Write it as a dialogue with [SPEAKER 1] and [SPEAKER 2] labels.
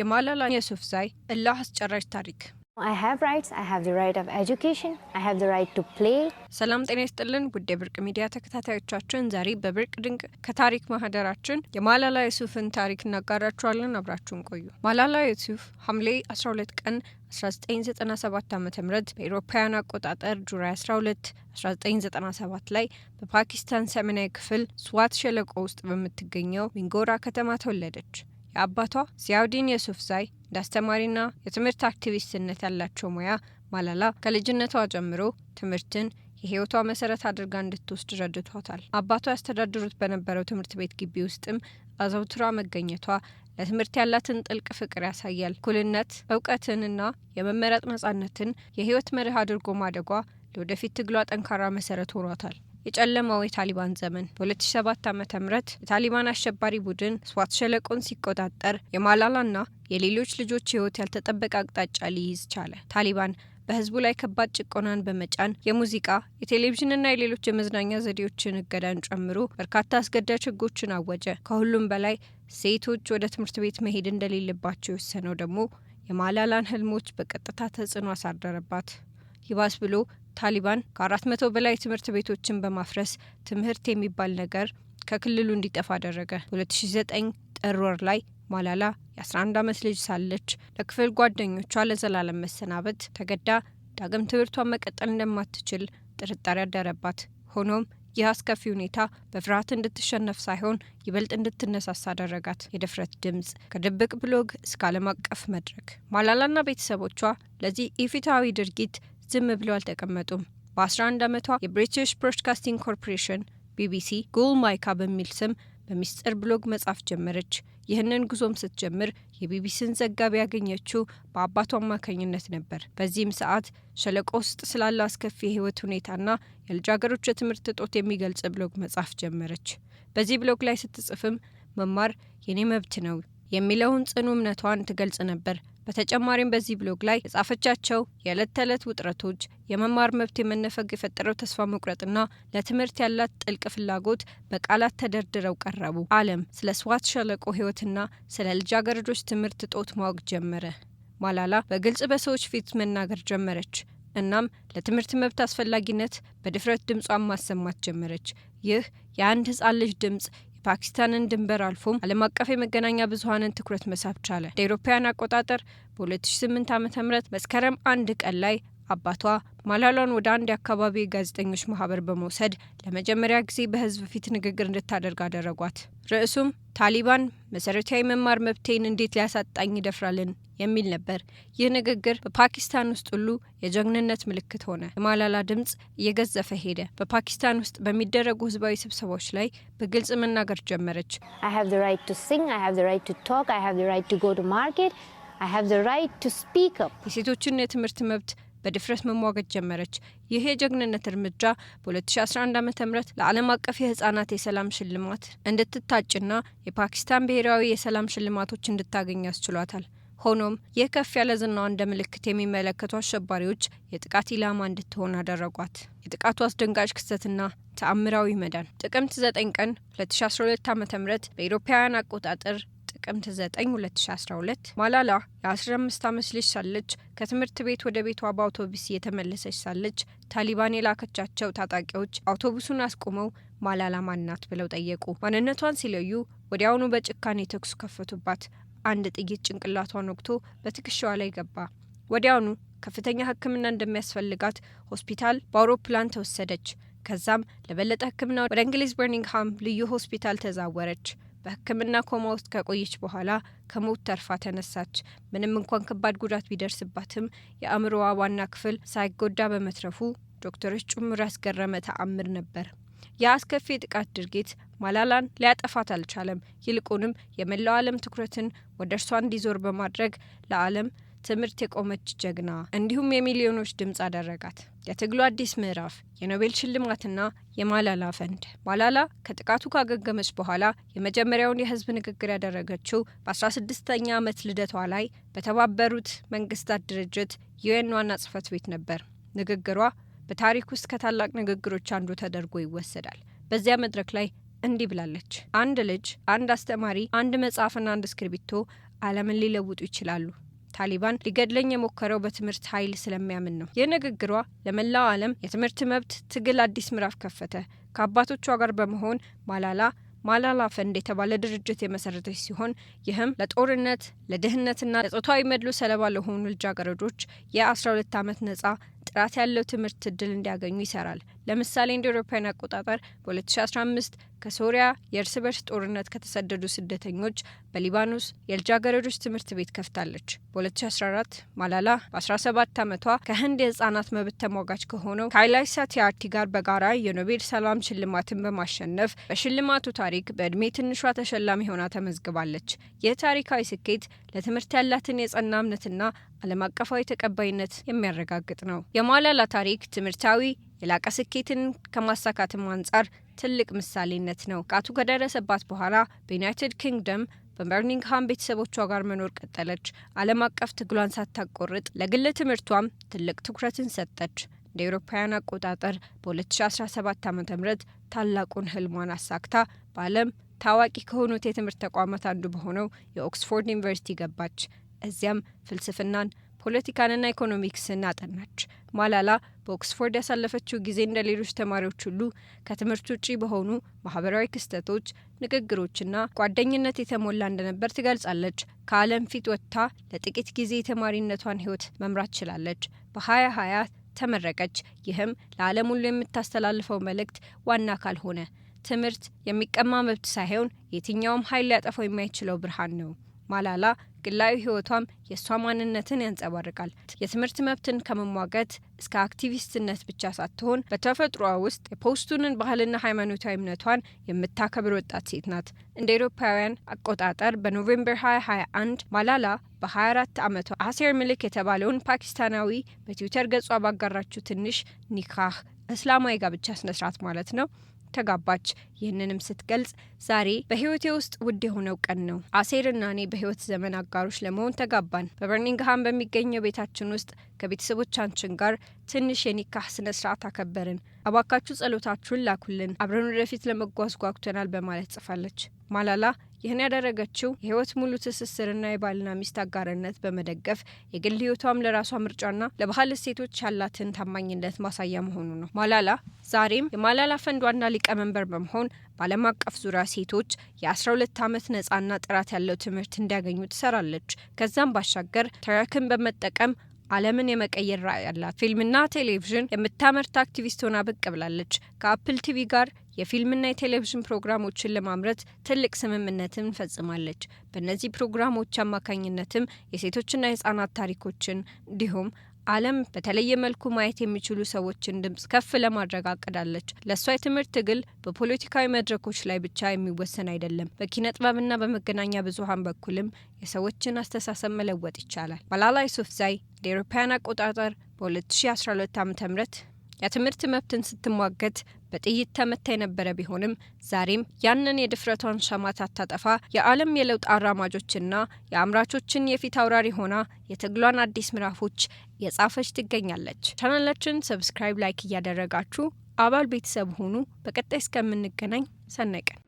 [SPEAKER 1] የማላላ ዩሱፍዛይ እልህ አስጨራሽ ታሪክ ሰላም ጤና ይስጥልን ውድ የብርቅ ሚዲያ ተከታታዮቻችን፣ ዛሬ በብርቅ ድንቅ ከታሪክ ማህደራችን የማላላ የሱፍን ታሪክ እናጋራችኋለን። አብራችሁን ቆዩ። ማላላ የሱፍ ሐምሌ 12 ቀን 1997 ዓ ም በኤሮፓውያን አቆጣጠር ጁላይ 12 1997 ላይ በፓኪስታን ሰሜናዊ ክፍል ስዋት ሸለቆ ውስጥ በምትገኘው ሚንጎራ ከተማ ተወለደች። የአባቷ ዚያውዲን የሱፍ ዛይ እንደ አስተማሪና የትምህርት አክቲቪስትነት ያላቸው ሙያ ማላላ ከልጅነቷ ጀምሮ ትምህርትን የህይወቷ መሰረት አድርጋ እንድትወስድ ረድቷታል። አባቷ ያስተዳድሩት በነበረው ትምህርት ቤት ግቢ ውስጥም አዘውትሯ መገኘቷ ለትምህርት ያላትን ጥልቅ ፍቅር ያሳያል። እኩልነት፣ እውቀትንና የመመረጥ ነጻነትን የህይወት መርህ አድርጎ ማደጓ ለወደፊት ትግሏ ጠንካራ መሰረት ሆኗታል። የጨለማው የታሊባን ዘመን በ2007 ዓ ም የታሊባን አሸባሪ ቡድን ስዋት ሸለቆን ሲቆጣጠር የማላላና የሌሎች ልጆች ህይወት ያልተጠበቀ አቅጣጫ ሊይዝ ቻለ። ታሊባን በህዝቡ ላይ ከባድ ጭቆናን በመጫን የሙዚቃ የቴሌቪዥንና የሌሎች የመዝናኛ ዘዴዎችን እገዳን ጨምሮ በርካታ አስገዳጅ ህጎችን አወጀ። ከሁሉም በላይ ሴቶች ወደ ትምህርት ቤት መሄድ እንደሌለባቸው የወሰነው ደግሞ የማላላን ህልሞች በቀጥታ ተጽዕኖ አሳደረባት። ይባስ ብሎ ታሊባን ከ መቶ በላይ ትምህርት ቤቶችን በማፍረስ ትምህርት የሚባል ነገር ከክልሉ እንዲጠፋ አደረገ። 2009 ጥር ወር ላይ ማላላ የ11 ዓመት ልጅ ሳለች ለክፍል ጓደኞቿ ለዘላለም መሰናበት ተገዳ ዳግም ትምህርቷን መቀጠል እንደማትችል ጥርጣሬ አደረባት። ሆኖም ይህ አስከፊ ሁኔታ በፍርሃት እንድትሸነፍ ሳይሆን ይበልጥ እንድትነሳሳ አደረጋት። የድፍረት ድምፅ ከድብቅ ብሎግ እስከ ዓለም አቀፍ መድረክ ማላላና ቤተሰቦቿ ለዚህ ኢፍትሐዊ ድርጊት ዝም ብለው አልተቀመጡም። በ11 ዓመቷ የብሪቲሽ ብሮድካስቲንግ ኮርፖሬሽን ቢቢሲ ጉል ማይካ በሚል ስም በሚስጥር ብሎግ መጻፍ ጀመረች። ይህንን ጉዞም ስትጀምር የቢቢሲን ዘጋቢ ያገኘችው በአባቱ አማካኝነት ነበር። በዚህም ሰዓት ሸለቆ ውስጥ ስላለ አስከፊ የህይወት ሁኔታና የልጃገሮች የትምህርት እጦት የሚገልጽ ብሎግ መጻፍ ጀመረች። በዚህ ብሎግ ላይ ስትጽፍም መማር የኔ መብት ነው የሚለውን ጽኑ እምነቷን ትገልጽ ነበር። በተጨማሪም በዚህ ብሎግ ላይ የጻፈቻቸው የዕለት ተዕለት ውጥረቶች፣ የመማር መብት የመነፈግ የፈጠረው ተስፋ መቁረጥና ለትምህርት ያላት ጥልቅ ፍላጎት በቃላት ተደርድረው ቀረቡ። አለም ስለ ስዋት ሸለቆ ህይወትና ስለ ልጃገረዶች ትምህርት እጦት ማወቅ ጀመረ። ማላላ በግልጽ በሰዎች ፊት መናገር ጀመረች። እናም ለትምህርት መብት አስፈላጊነት በድፍረት ድምጿን ማሰማት ጀመረች። ይህ የአንድ ህጻን ልጅ ድምጽ ፓኪስታንን ድንበር አልፎም ዓለም አቀፍ የመገናኛ ብዙሀንን ትኩረት መሳብ ቻለ። እንደ አውሮፓውያን አቆጣጠር በ2008 ዓ ም መስከረም አንድ ቀን ላይ አባቷ ማላሏን ወደ አንድ የአካባቢ ጋዜጠኞች ማህበር በመውሰድ ለመጀመሪያ ጊዜ በህዝብ ፊት ንግግር እንድታደርግ አደረጓት። ርዕሱም ታሊባን መሰረታዊ መማር መብቴን እንዴት ሊያሳጣኝ ይደፍራልን የሚል ነበር። ይህ ንግግር በፓኪስታን ውስጥ ሁሉ የጀግንነት ምልክት ሆነ። የማላላ ድምፅ እየገዘፈ ሄደ። በፓኪስታን ውስጥ በሚደረጉ ህዝባዊ ስብሰባዎች ላይ በግልጽ መናገር ጀመረች። የሴቶችን የትምህርት መብት በድፍረት መሟገት ጀመረች። ይህ የጀግንነት እርምጃ በ2011 ዓ ም ለዓለም አቀፍ የህጻናት የሰላም ሽልማት እንድትታጭና የፓኪስታን ብሔራዊ የሰላም ሽልማቶች እንድታገኝ ያስችሏታል። ሆኖም ይህ ከፍ ያለ ዝናዋ እንደ ምልክት የሚመለከቱ አሸባሪዎች የጥቃት ኢላማ እንድትሆን አደረጓት። የጥቃቱ አስደንጋጭ ክስተትና ተአምራዊ መዳን ጥቅምት 9 ቀን 2012 ዓ ም በኢሮፓውያን አቆጣጠር ጥቅምት 9 2012 ማላላ የ15 ዓመት ልጅ ሳለች ከትምህርት ቤት ወደ ቤቷ በአውቶቡስ እየተመለሰች ሳለች ታሊባን የላከቻቸው ታጣቂዎች አውቶቡሱን አስቁመው ማላላ ማናት ብለው ጠየቁ። ማንነቷን ሲለዩ ወዲያውኑ በጭካኔ ተኩስ ከፈቱባት። አንድ ጥይት ጭንቅላቷን ወቅቶ በትከሻዋ ላይ ገባ። ወዲያውኑ ከፍተኛ ሕክምና እንደሚያስፈልጋት ሆስፒታል በአውሮፕላን ተወሰደች። ከዛም ለበለጠ ሕክምና ወደ እንግሊዝ በርሚንግሃም ልዩ ሆስፒታል ተዛወረች። በሕክምና ኮማ ውስጥ ከቆየች በኋላ ከሞት ተርፋ ተነሳች። ምንም እንኳን ከባድ ጉዳት ቢደርስባትም የአእምሮዋ ዋና ክፍል ሳይጎዳ በመትረፉ ዶክተሮች ጭምር ያስገረመ ተአምር ነበር። የአስከፊ ጥቃት ድርጊት ማላላን ሊያጠፋት አልቻለም። ይልቁንም የመላው ዓለም ትኩረትን ወደ እርሷ እንዲዞር በማድረግ ለዓለም ትምህርት የቆመች ጀግና እንዲሁም የሚሊዮኖች ድምፅ አደረጋት። የትግሉ አዲስ ምዕራፍ የኖቤል ሽልማትና የማላላ ፈንድ። ማላላ ከጥቃቱ ካገገመች በኋላ የመጀመሪያውን የህዝብ ንግግር ያደረገችው በ16ኛ ዓመት ልደቷ ላይ በተባበሩት መንግስታት ድርጅት ዩኤን ዋና ጽህፈት ቤት ነበር። ንግግሯ በታሪክ ውስጥ ከታላቅ ንግግሮች አንዱ ተደርጎ ይወሰዳል። በዚያ መድረክ ላይ እንዲህ ብላለች። አንድ ልጅ፣ አንድ አስተማሪ፣ አንድ መጽሐፍና አንድ እስክሪብቶ ዓለምን ሊለውጡ ይችላሉ ታሊባን ሊገድለኝ የሞከረው በትምህርት ኃይል ስለሚያምን ነው። ይህ ንግግሯ ለመላው ዓለም የትምህርት መብት ትግል አዲስ ምዕራፍ ከፈተ። ከአባቶቿ ጋር በመሆን ማላላ ማላላ ፈንድ የተባለ ድርጅት የመሰረተች ሲሆን ይህም ለጦርነት ለድህነትና ለጾታዊ መድሎ ሰለባ ለሆኑ ልጃገረዶች የ12 ዓመት ነጻ ጥራት ያለው ትምህርት እድል እንዲያገኙ ይሰራል። ለምሳሌ እንደ አውሮፓውያን አቆጣጠር በ2015 ከሶሪያ የእርስ በርስ ጦርነት ከተሰደዱ ስደተኞች በሊባኖስ የልጃገረዶች ትምህርት ቤት ከፍታለች። በ2014 ማላላ በ17 ዓመቷ ከህንድ የህጻናት መብት ተሟጋች ከሆነው ከአይላይሳ ቲያርቲ ጋር በጋራ የኖቤል ሰላም ሽልማትን በማሸነፍ በሽልማቱ ታሪክ በእድሜ ትንሿ ተሸላሚ ሆና ተመዝግባለች። ይህ ታሪካዊ ስኬት ለትምህርት ያላትን የጸና እምነትና ዓለም አቀፋዊ ተቀባይነት የሚያረጋግጥ ነው። የማላላ ታሪክ ትምህርታዊ የላቀ ስኬትን ከማሳካትም አንጻር ትልቅ ምሳሌነት ነው። ቃቱ ከደረሰባት በኋላ በዩናይትድ ኪንግደም በበርሚንግሃም ቤተሰቦቿ ጋር መኖር ቀጠለች። ዓለም አቀፍ ትግሏን ሳታቆርጥ ለግል ትምህርቷም ትልቅ ትኩረትን ሰጠች። እንደ ኤሮፓውያን አቆጣጠር በ2017 ዓ ም ታላቁን ህልሟን አሳክታ በዓለም ታዋቂ ከሆኑት የትምህርት ተቋማት አንዱ በሆነው የኦክስፎርድ ዩኒቨርሲቲ ገባች። እዚያም ፍልስፍናን ፖለቲካንና ኢኮኖሚክስን አጠናች። ማላላ በኦክስፎርድ ያሳለፈችው ጊዜ እንደ ሌሎች ተማሪዎች ሁሉ ከትምህርት ውጪ በሆኑ ማህበራዊ ክስተቶች፣ ንግግሮችና ጓደኝነት የተሞላ እንደነበር ትገልጻለች። ከዓለም ፊት ወጥታ ለጥቂት ጊዜ የተማሪነቷን ህይወት መምራት ችላለች። በ በ2020 ተመረቀች። ይህም ለዓለም ሁሉ የምታስተላልፈው መልእክት ዋና አካል ሆነ። ትምህርት የሚቀማ መብት ሳይሆን የትኛውም ኃይል ሊያጠፋው የማይችለው ብርሃን ነው። ማላላ ግላዊ ህይወቷም የእሷ ማንነትን ያንጸባርቃል። የትምህርት መብትን ከመሟገት እስከ አክቲቪስትነት ብቻ ሳትሆን በተፈጥሯ ውስጥ የፖስቱንን ባህልና ሃይማኖታዊ እምነቷን የምታከብር ወጣት ሴት ናት። እንደ ኤሮፓውያን አቆጣጠር በኖቬምበር 2021 ማላላ በ24 ዓመቷ አሴር ምልክ የተባለውን ፓኪስታናዊ በትዊተር ገጿ ባጋራችው ትንሽ ኒካህ እስላማዊ ጋብቻ ስነስርዓት ማለት ነው ተጋባች። ይህንንም ስትገልጽ ዛሬ በህይወቴ ውስጥ ውድ የሆነው ቀን ነው። አሴርና እኔ በህይወት ዘመን አጋሮች ለመሆን ተጋባን። በበርሚንግሃም በሚገኘው ቤታችን ውስጥ ከቤተሰቦቻችን ጋር ትንሽ የኒካህ ስነ ስርዓት አከበርን። አባካችሁ ጸሎታችሁን ላኩልን፣ አብረን ወደፊት ለመጓዝ ጓጉተናል በማለት ጽፋለች። ማላላ ይህን ያደረገችው የህይወት ሙሉ ትስስርና የባልና ሚስት አጋርነት በመደገፍ የግል ህይወቷም ለራሷ ምርጫና ለባህል እሴቶች ያላትን ታማኝነት ማሳያ መሆኑ ነው። ማላላ ዛሬም የማላላ ፈንድ ዋና ሊቀመንበር በመሆን በዓለም አቀፍ ዙሪያ ሴቶች የ12 ዓመት ነፃና ጥራት ያለው ትምህርት እንዲያገኙ ትሰራለች። ከዛም ባሻገር ተረክን በመጠቀም ዓለምን የመቀየር ራዕይ አላት። ፊልምና ቴሌቪዥን የምታመርት አክቲቪስት ሆና ብቅ ብላለች። ከአፕል ቲቪ ጋር የፊልምና የቴሌቪዥን ፕሮግራሞችን ለማምረት ትልቅ ስምምነትን ፈጽማለች። በእነዚህ ፕሮግራሞች አማካኝነትም የሴቶችና የህጻናት ታሪኮችን እንዲሁም ዓለም በተለየ መልኩ ማየት የሚችሉ ሰዎችን ድምጽ ከፍ ለማድረግ አቅዳለች። ለእሷ የትምህርት ትግል በፖለቲካዊ መድረኮች ላይ ብቻ የሚወሰን አይደለም። በኪነ ጥበብና በመገናኛ ብዙኃን በኩልም የሰዎችን አስተሳሰብ መለወጥ ይቻላል። ማላላ ዩሱፍዛይ እንደ አውሮፓውያን አቆጣጠር በ2012 ዓ ም የትምህርት መብትን ስትሟገት በጥይት ተመታ የነበረ ቢሆንም ዛሬም ያንን የድፍረቷን ሸማት አታጠፋ የዓለም የለውጥ አራማጆችና የአምራቾችን የፊት አውራሪ ሆና የትግሏን አዲስ ምዕራፎች የጻፈች ትገኛለች። ቻናላችን ሰብስክራይብ፣ ላይክ እያደረጋችሁ አባል ቤተሰብ ሆኑ በቀጣይ እስከምንገናኝ ሰነቀን